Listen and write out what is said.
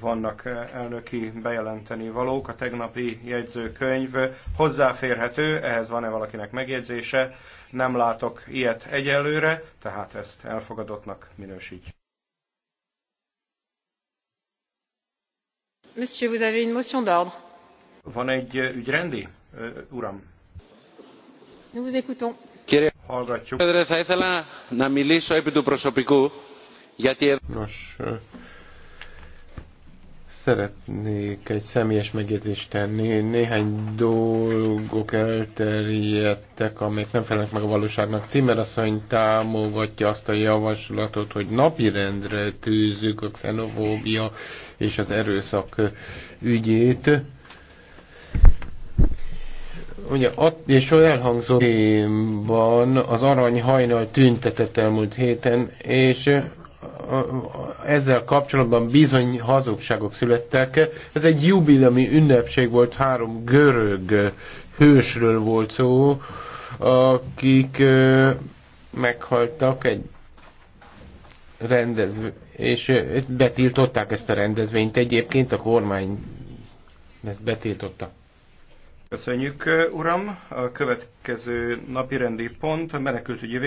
vannak eh, elnöki bejelenteni valók. A tegnapi jegyzőkönyv hozzáférhető, ehhez van-e valakinek megjegyzése? Nem látok ilyet egyelőre, tehát ezt elfogadottnak minősítjük. Monsieur, vous avez une motion d'ordre. Van egy eh, ügyrendi, eh, uram? Nous vous écoutons. Hallgatjuk. Nos, Szeretnék egy személyes megjegyzést tenni. Néhány dolgok elterjedtek, amik nem felelnek meg a valóságnak. Cimerasszony támogatja azt a javaslatot, hogy napirendre tűzzük a xenofóbia és az erőszak ügyét. Ugye, és olyan elhangzott az arany hajnal tüntetett elmúlt héten, és ezzel kapcsolatban bizony hazugságok születtek. Ez egy jubileumi ünnepség volt, három görög hősről volt szó, akik meghaltak egy rendezvény, és betiltották ezt a rendezvényt egyébként, a kormány ezt betiltotta. Köszönjük, uram! A következő napi rendi pont a menekültügyi